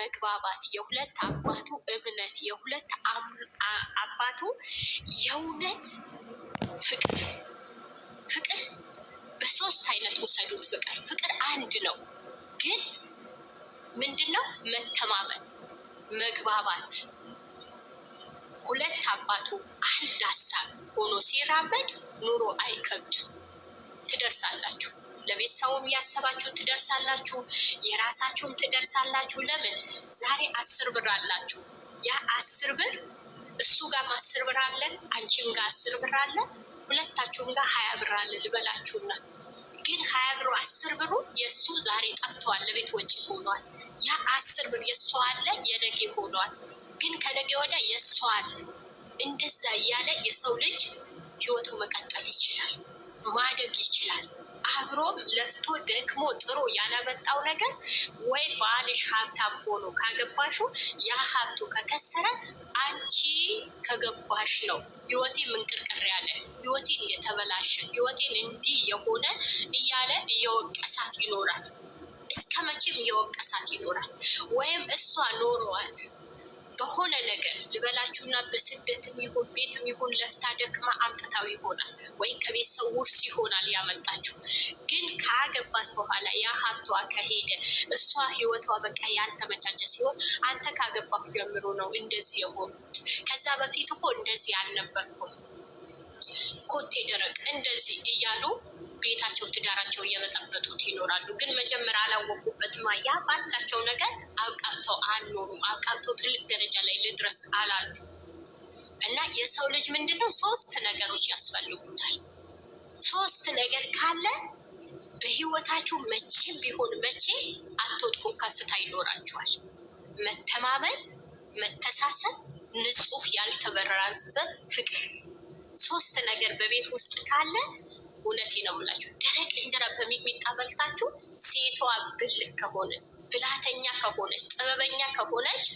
መግባባት የሁለት አባቱ እምነት የሁለት አባቱ የእውነት ፍቅር ፍቅር በሶስት አይነት ውሰዱት። ፍቅር ፍቅር አንድ ነው፣ ግን ምንድን ነው መተማመን፣ መግባባት ሁለት አባቱ አንድ ሀሳብ ሆኖ ሲራመድ ኑሮ አይከብድ፣ ትደርሳላችሁ። ለቤተሰቡም እያሰባችሁ ትደርሳላችሁ፣ የራሳችሁም ትደርሳላችሁ። ለምን ዛሬ አስር ብር አላችሁ። ያ አስር ብር እሱ ጋር አስር ብር አለ፣ አንቺም ጋር አስር ብር አለ፣ ሁለታችሁም ጋር ሀያ ብር አለ ልበላችሁና ግን ሀያ ብሩ አስር ብሩ የእሱ ዛሬ ጠፍተዋል፣ ለቤት ወጪ ሆኗል። ያ አስር ብር የእሱ አለ የነጌ ሆኗል፣ ግን ከነጌ ወዲያ የእሱ አለ። እንደዛ እያለ የሰው ለፍቶ ደክሞ ጥሩ ያላመጣው ነገር ወይ ባልሽ ሀብታም ሆኖ ካገባሹ ያ ሀብቱ ከከሰረ አንቺ ከገባሽ ነው ህይወቴ ምንቅርቅር ያለ ህይወቴን እየተበላሸ ህይወቴን እንዲህ የሆነ እያለ እየወቀሳት ይኖራል። እስከ መቼም እየወቀሳት ይኖራል። ወይም እሷ ኖሯት በሆነ ነገር ልበላችሁና በስደትም ይሁን ቤትም ይሁን ለፍታ ደክማ አምጥታው ይሆናል ወይም ከቤተሰብ ውርስ ይሆናል ያመጣችሁ። ግን ካገባት በኋላ ያ ሀብቷ ከሄደ እሷ ህይወቷ በቃ ያልተመቻቸ ሲሆን አንተ ካገባሁ ጀምሮ ነው እንደዚህ የሆንኩት፣ ከዛ በፊት እኮ እንደዚህ አልነበርኩም፣ ኮቴ ደረቅ እንደዚህ እያሉ ቤታቸው ትዳራቸው እየበጠበጡት ይኖራሉ። ግን መጀመሪያ አላወቁበትም። ያ ባላቸው ነገር አብቃቅተው አልኖሩም። አብቃቅተው ትልቅ ደረጃ ላይ ልድረስ አላሉ እና የሰው ልጅ ምንድነው ሶስት ነገሮች ያስፈልጉታል። ሶስት ነገር ካለ በህይወታችሁ መቼም ቢሆን መቼ አትወጥቁም፣ ከፍታ ይኖራችኋል። መተማመን፣ መተሳሰብ፣ ንጹህ ያልተበረዘ ፍቅር። ሶስት ነገር በቤት ውስጥ ካለ እውነቴ ነው የምላችሁ። ደረቅ እንጀራ በሚጥሚጣ በልታችሁ ሴቷ ብልህ ከሆነ ብላተኛ ከሆነች ጥበበኛ ከሆነች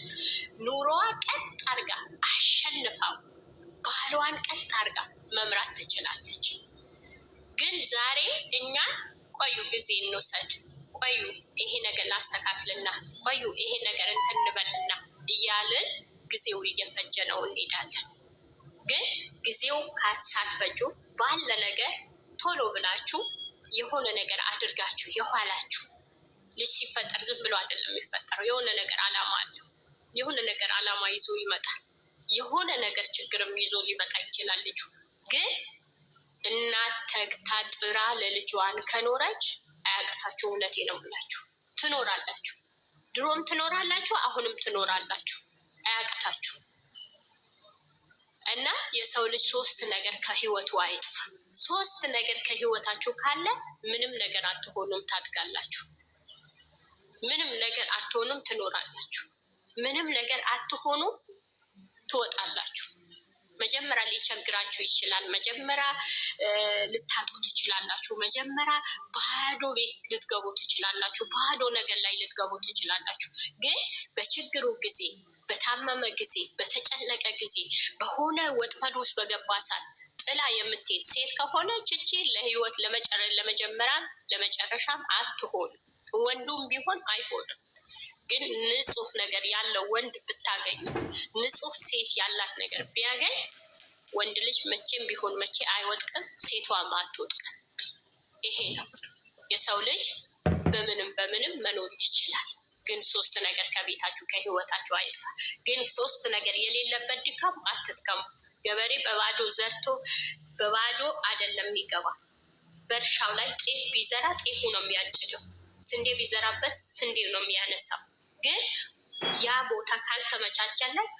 ኑሮዋ ቀጥ አርጋ አሸንፋው ባህሏን ቀጥ አርጋ መምራት ትችላለች። ግን ዛሬ እኛ ቆዩ ጊዜ እንውሰድ፣ ቆዩ ይሄ ነገር ላስተካክልና፣ ቆዩ ይሄ ነገር እንትንበልና እያልን ጊዜው እየፈጀ ነው እንሄዳለን። ግን ጊዜው ሳትፈጁ ባለ ነገር ቶሎ ብላችሁ የሆነ ነገር አድርጋችሁ የኋላችሁ ልጅ ሲፈጠር ዝም ብሎ አይደለም የሚፈጠረው። የሆነ ነገር አላማ አለው። የሆነ ነገር አላማ ይዞ ይመጣል። የሆነ ነገር ችግርም ይዞ ሊመጣ ይችላል። ልጁ ግን እናት ተግታ ጥራ ለልጇን ከኖረች አያቅታችሁ። እውነቴ ነው ብላችሁ ትኖራላችሁ። ድሮም ትኖራላችሁ፣ አሁንም ትኖራላችሁ። አያቅታችሁ እና የሰው ልጅ ሶስት ነገር ከህይወቱ አይጥፋ። ሶስት ነገር ከህይወታችሁ ካለ ምንም ነገር አትሆኑም፣ ታድጋላችሁ። ምንም ነገር አትሆኑም፣ ትኖራላችሁ። ምንም ነገር አትሆኑም፣ ትወጣላችሁ። መጀመሪያ ሊቸግራችሁ ይችላል። መጀመሪያ ልታጡ ትችላላችሁ። መጀመሪያ ባዶ ቤት ልትገቡ ትችላላችሁ። ባዶ ነገር ላይ ልትገቡ ትችላላችሁ። ግን በችግሩ ጊዜ፣ በታመመ ጊዜ፣ በተጨነቀ ጊዜ፣ በሆነ ወጥመድ ውስጥ በገባ ሰዓት ጥላ የምትሄድ ሴት ከሆነች እቺ ለህይወት ለመጀመሪያ ለመጨረሻም አትሆንም። ወንዱም ቢሆን አይሆንም። ግን ንጹህ ነገር ያለው ወንድ ብታገኝ ንጹህ ሴት ያላት ነገር ቢያገኝ ወንድ ልጅ መቼም ቢሆን መቼ አይወድቅም፣ ሴቷም አትወድቅም። ይሄ ነው የሰው ልጅ በምንም በምንም መኖር ይችላል። ግን ሶስት ነገር ከቤታችሁ ከህይወታችሁ አይጥፋ። ግን ሶስት ነገር የሌለበት ድካም አትጥቀሙ። ገበሬ በባዶ ዘርቶ በባዶ አይደለም የሚገባ። በእርሻው ላይ ጤፍ ቢዘራ ጤፉ ነው የሚያጭደው፣ ስንዴ ቢዘራበት ስንዴ ነው የሚያነሳው። ግን ያ ቦታ ካልተመቻቸለት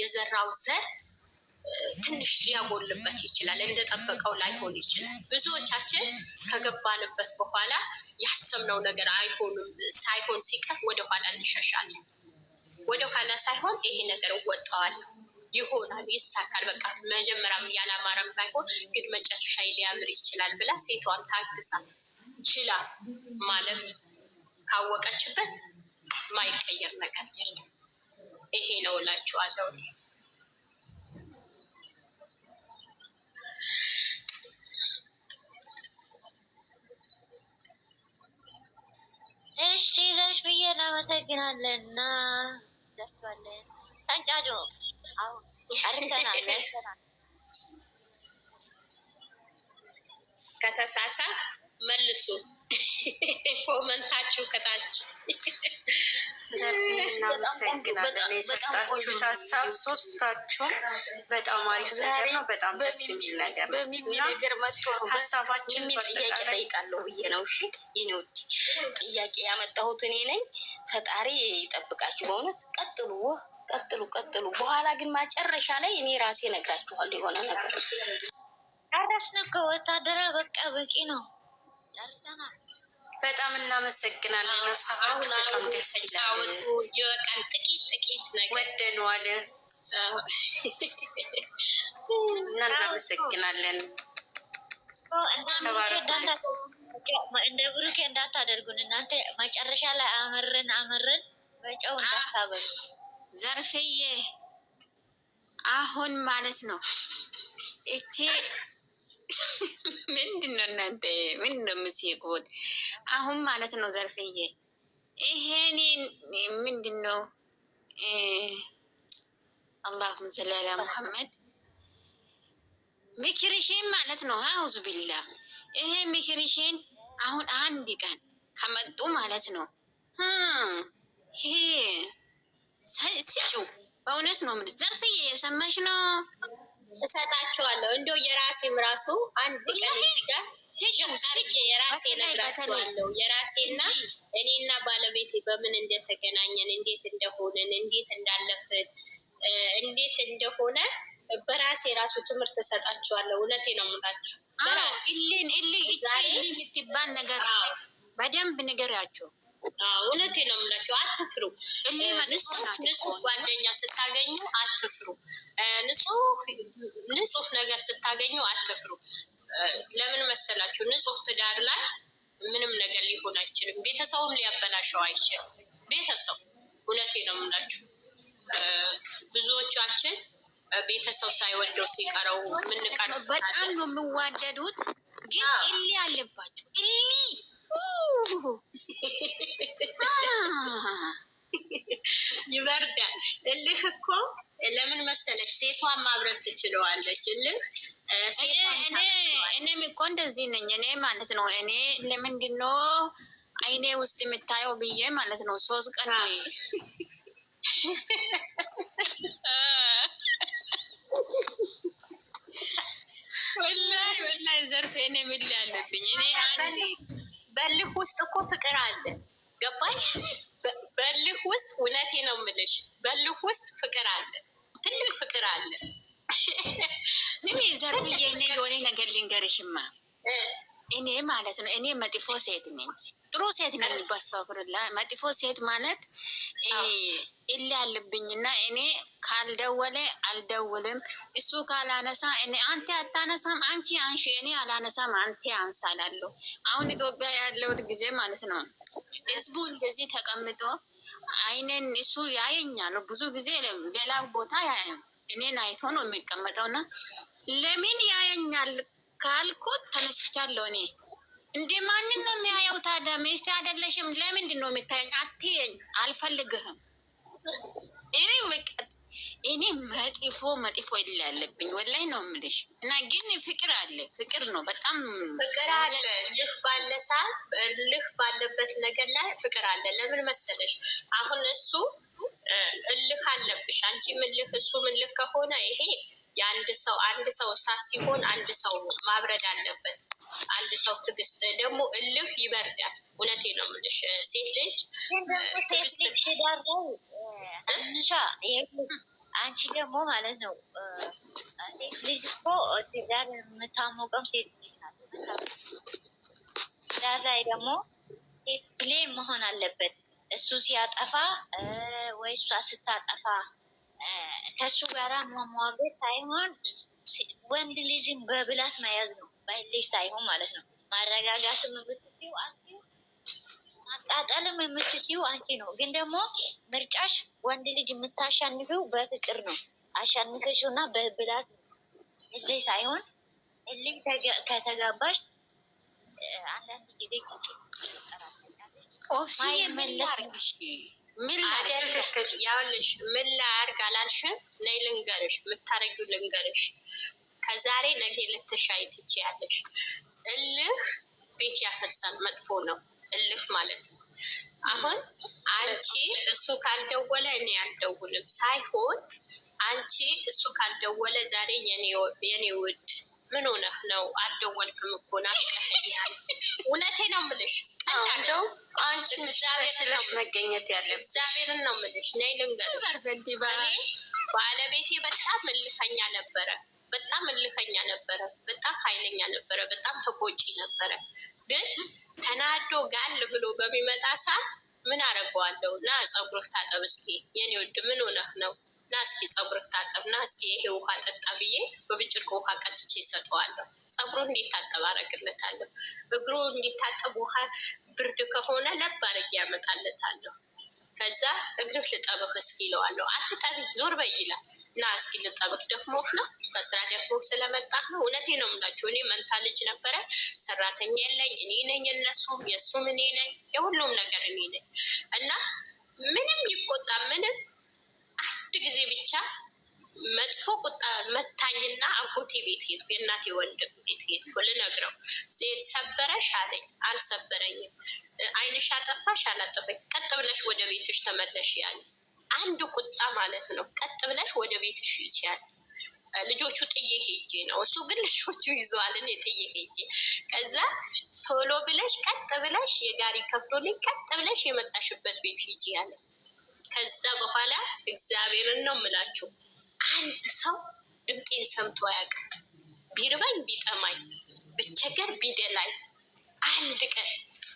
የዘራው ዘር ትንሽ ሊያጎልበት ይችላል። እንደጠበቀው ላይሆን ይችላል። ብዙዎቻችን ከገባንበት በኋላ ያሰብነው ነገር አይሆንም ሳይሆን ሲቀር ወደኋላ እንሸሻለን። ወደኋላ ሳይሆን ይሄ ነገር እወጣዋለሁ ይሆናል፣ ይሳካል። በቃ መጀመሪያም ያላማረም ባይሆን ግን መጨረሻ ሊያምር ይችላል ብላ ሴቷን ታግሳ ችላ ማለት ካወቀችበት ማይቀየር ነገር የለም። ይሄ ነው እላችኋለሁ። እሺ ዘሽ ብዬ እናመሰግናለን እና ደርሷለን ተንጫጆ አሁን ከተሳሳ መልሱ ኮመንታችሁ ከታች እናመሰግናለን። የሰጣችሁት ሀሳብ ሶስታችሁም በጣም አሪፍ ነገር ነው። በጣም ደስ የሚል ነገር መጥቶ ሀሳባችን ጥያቄ ጠይቃለሁ ብዬ ነው። እሺ ይኔ ውድ ጥያቄ ያመጣሁት እኔ ነኝ። ፈጣሪ ይጠብቃችሁ በእውነት ቀጥሉ። ቀጥሉ ቀጥሉ። በኋላ ግን መጨረሻ ላይ እኔ ራሴ ነግራችኋል የሆነ ነገር አራስ ነው ከወታደራ በቃ በቂ ነው። በጣም እናመሰግናለን። አሁን ደስ ይላል። ጥቂት ጥቂት ነገር ወደነዋል እና እናመሰግናለን። እንደ ብሩኬ እንዳታደርጉን እናንተ መጨረሻ ላይ አምርን አምርን በጨው እንዳታበሉ ዘርፌዬ አሁን ማለት ነው እቺ ምንድን ነው እናንተ ምን ነው የምትስቁት? አሁን ማለት ነው ዘርፌዬ ይሄኔ ምንድን ነው አላሁም ሰሊ አላ ሙሐመድ ምክርሽን ማለት ነው አውዙ ቢላ ይሄ ምክርሽን አሁን አንድ ቀን ከመጡ ማለት ነው ስጪው። በእውነት ነው የምልሽ ዘርፍዬ፣ የሰማሽ ነው። እሰጣችኋለሁ እንደ የራሴም ራሱ አንድ ቀን ጋር የራሴ ነግራችኋለሁ። የራሴና እኔና ባለቤቴ በምን እንደተገናኘን፣ እንዴት እንደሆንን፣ እንዴት እንዳለፍን፣ እንዴት እንደሆነ በራሴ ራሱ ትምህርት እሰጣችኋለሁ። እውነቴ ነው የምላችሁ። በራሴ እልን እልይ እቺ የምትባል ነገር በደንብ ንገሪያቸው። እውነት ነው የምላቸው፣ አትፍሩ። ንጹህ ጓደኛ ስታገኙ አትፍሩ። ንጹህ ነገር ስታገኙ አትፍሩ። ለምን መሰላችሁ? ንጹህ ትዳር ላይ ምንም ነገር ሊሆን አይችልም። ቤተሰቡም ሊያበላሸው አይችልም። ቤተሰብ እውነቴ ነው የምላችሁ፣ ብዙዎቻችን ቤተሰብ ሳይወደው ሲቀረው ምንቀር በጣም ነው የምዋደዱት፣ ግን እሊ አለባቸው እሊ ይበርዳል። እልህ እኮ ለምን መሰለች ሴቷን ማብረት ትችለዋለች። እልህ እኔም እኮ እንደዚህ ነኝ። እኔ ማለት ነው እኔ ለምንድን ነው አይኔ ውስጥ የምታየው ብዬ ማለት ነው ሶስት ቀን ወላይ ወላይ ዘርፌ እኔ ምል ያለብኝ እኔ አንዴ በልህ ውስጥ እኮ ፍቅር አለ። ገባሽ? በልህ ውስጥ እውነቴ ነው የምልሽ፣ በልህ ውስጥ ፍቅር አለ፣ ትልቅ ፍቅር አለ። ዘርብዬ፣ የሆነ ነገር ልንገርሽማ እኔ ማለት ነው። እኔ መጥፎ ሴት ነኝ፣ ጥሩ ሴት ነኝ። ባስተፍርላ መጥፎ ሴት ማለት እላ አለብኝና እኔ ካልደወለ አልደውልም፣ እሱ ካላነሳ እኔ አንተ አታነሳም፣ አንቺ አንሺ፣ እኔ አላነሳም፣ አንተ አንሳላለሁ። አሁን ኢትዮጵያ ያለውት ጊዜ ማለት ነው። ህዝቡ እንደዚህ ተቀምጦ አይነን እሱ ያየኛል ብዙ ጊዜ ሌላ ቦታ ያየ እኔን አይቶ ነው የሚቀመጠውና ለምን ያየኛል ካልኩት ተነስቻለሁ። እኔ እንዴ ማንን ነው የሚያየው ታዲያ? ሚስቴ አይደለሽም? ለምንድን ነው የምታየኝ? አትየኝ፣ አልፈልግህም። እኔ በቃ እኔ መጥፎ መጥፎ ይል ያለብኝ ወላይ ነው የምልሽ። እና ግን ፍቅር አለ፣ ፍቅር ነው በጣም ፍቅር አለ። እልህ ባለ ሰዓት እልህ ባለበት ነገር ላይ ፍቅር አለ። ለምን መሰለሽ አሁን እሱ እልህ አለብሽ አንቺ ምልህ እሱ ምልህ ከሆነ ይሄ የአንድ ሰው አንድ ሰው እሳት ሲሆን አንድ ሰው ማብረድ አለበት። አንድ ሰው ትዕግስት ደግሞ እልህ ይበርዳል። እውነቴ ነው የምልሽ ሴት ልጅ አንቺ ደግሞ ማለት ነው ሴት ልጅ እኮ ትዳር የምታሞቀው ሴት ልጅ ናት። ትዳር ላይ ደግሞ ሴት ብሌን መሆን አለበት። እሱ ሲያጠፋ ወይ እሷ ስታጠፋ ከእሱ ጋራ መሟገት ሳይሆን ወንድ ልጅን በብላት መያዝ ነው። በህሌ ሳይሆን ማለት ነው። ማረጋጋትም የምትችይው አንቺ፣ ማቃጠልም የምትችይው አንቺ ነው። ግን ደግሞ ምርጫሽ ወንድ ልጅ የምታሸንፊው በፍቅር ነው። አሸንፈሽው እና በብላት ህሌ ሳይሆን ህሌ ከተጋባሽ አንዳንድ ጊዜ ኦፍሲ የምን ያርግሽ ምን ትክክል ያውልሽ፣ ምን ላያርግ አላልሽም? ነይ ልንገርሽ፣ የምታረጊው ልንገርሽ። ከዛሬ ነገ ልትሻይ ትችያለሽ። እልህ ቤት ያፈርሳል፣ መጥፎ ነው እልህ ማለት ነው። አሁን አንቺ እሱ ካልደወለ እኔ አልደውልም ሳይሆን አንቺ እሱ ካልደወለ ዛሬ የኔ ውድ ምን ሆነህ ነው አልደወልክም እኮ ናፍቀኸኛል። እውነቴ ነው የምልሽ ባለቤቴ በጣም እልከኛ ነበረ፣ በጣም እልከኛ ነበረ፣ በጣም ኃይለኛ ነበረ፣ በጣም ተቆጪ ነበረ። ግን ተናዶ ጋል ብሎ በሚመጣ ሰዓት ምን አደርገዋለሁ ና ፀጉር ታጠብ እስኪ የኔ ውድ ምን ሆነህ ነው ና እስኪ ፀጉር ታጠብ፣ ና እስኪ ይሄ ውሃ ጠጣ ብዬ በብጭርቅ ውሃ ቀጥቼ ይሰጠዋለሁ። ፀጉሩ እንዲታጠብ አረግለታለሁ። እግሩ እንዲታጠብ ውሃ ብርድ ከሆነ ለብ አረግ ያመጣለታለሁ። ከዛ እግርህ ልጠብህ እስኪ ይለዋለሁ። አትጠብ፣ ዞር በይ ይላል። ና እስኪ ልጠብህ፣ ደክሞህ ነው በስራ ደክሞህ ስለመጣ ነው። እውነቴ ነው የምላችሁ፣ እኔ መንታ ልጅ ነበረ፣ ሰራተኛ የለኝ፣ እኔ ነኝ እነሱም የእሱም እኔ ነኝ፣ የሁሉም ነገር እኔ ነኝ እና ምንም ይቆጣ ምንም ጊዜ ብቻ መጥፎ ቁጣ መታኝና አጎቴ ቤት ሄድኩ፣ የእናቴ ወንድም ቤት ሄድኩ ልነግረው። ሴት ሰበረሽ አለኝ። አልሰበረኝም። አይንሽ አጠፋሽ አላጠፋኝ። ቀጥ ብለሽ ወደ ቤትሽ ተመለሽ ያለ አንድ ቁጣ ማለት ነው። ቀጥ ብለሽ ወደ ቤትሽ ይችያል። ልጆቹ ጥዬ ሄጄ ነው እሱ ግን ልጆቹ ይዘዋልን የጥዬ ሄጄ ከዛ ቶሎ ብለሽ ቀጥ ብለሽ የጋሪ ከፍሎልኝ ቀጥ ብለሽ የመጣሽበት ቤት ሂጂ ያለ ከዛ በኋላ እግዚአብሔርን ነው የምላችሁ፣ አንድ ሰው ድምጤን ሰምቶ አያውቅም። ቢርበኝ ቢጠማኝ ብቸገር ቢደላኝ አንድ ቀን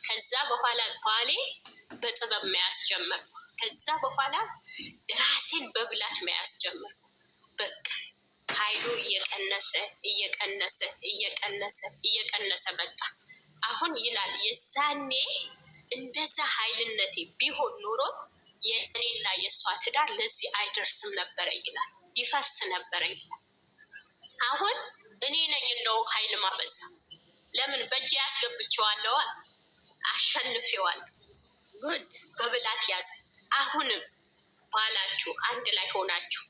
ከዛ በኋላ ባሌ በጥበብ መያዝ ጀመርኩ። ከዛ በኋላ ራሴን በብላት መያዝ ጀመርኩ። በቃ ኃይሉ እየቀነሰ እየቀነሰ እየቀነሰ እየቀነሰ መጣ። አሁን ይላል የዛኔ እንደዛ ኃይልነቴ ቢሆን ኑሮ የእኔና የእሷ ትዳር ለዚህ አይደርስም ነበረ ይላል፣ ይፈርስ ነበረ ይላል። አሁን እኔ ነኝ እንደው ኃይል ማበዛ ለምን በእጅ ያስገብቸዋለዋል፣ አሸንፌዋል። በብላት ያዘ። አሁንም ባላችሁ አንድ ላይ ሆናችሁ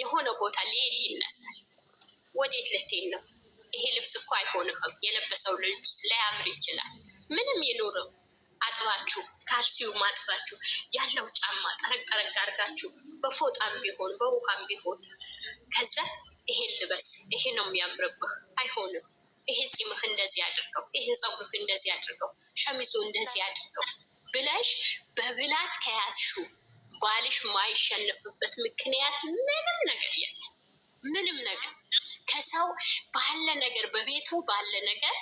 የሆነ ቦታ ሊሄድ ይነሳል። ወዴት ልትሄድ ነው? ይሄ ልብስ እኮ አይሆንም። የለበሰው ልብስ ላያምር ይችላል። ምንም ይኑርም አጥባችሁ ካልሲዩም አጥባችሁ ያለው ጫማ ጠረቅጠረቅ ጠረግ አድርጋችሁ በፎጣም ቢሆን በውሃም ቢሆን ከዛ ይሄን ልበስ፣ ይሄ ነው የሚያምርብህ። አይሆንም፣ ይሄ ፂምህ እንደዚህ አድርገው፣ ይሄ ፀጉርህ እንደዚህ አድርገው፣ ሸሚዙ እንደዚህ አድርገው ብለሽ በብላት ከያዝሹ ባልሽ ማይሸንፍበት ምክንያት ምንም ነገር የለም። ምንም ነገር ከሰው ባለ ነገር በቤቱ ባለ ነገር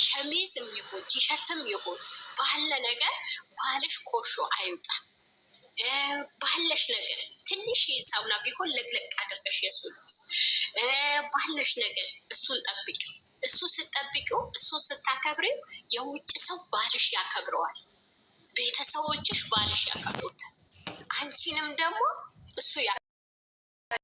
ሸሚዝም ይሁን ቲሸርትም ይሁን ባለ ነገር ባለሽ ቆሾ አይውጣ። ባለሽ ነገር ትንሽ ሳሙና ቢሆን ለቅለቅ አድርገሽ የእሱ ልብስ ባለሽ ነገር እሱን ጠብቅ እሱ ስጠብቅው እሱን ስታከብሪው የውጭ ሰው ባልሽ ያከብረዋል፣ ቤተሰቦችሽ ባልሽ ያከብሩታል፣ አንቺንም ደግሞ እሱ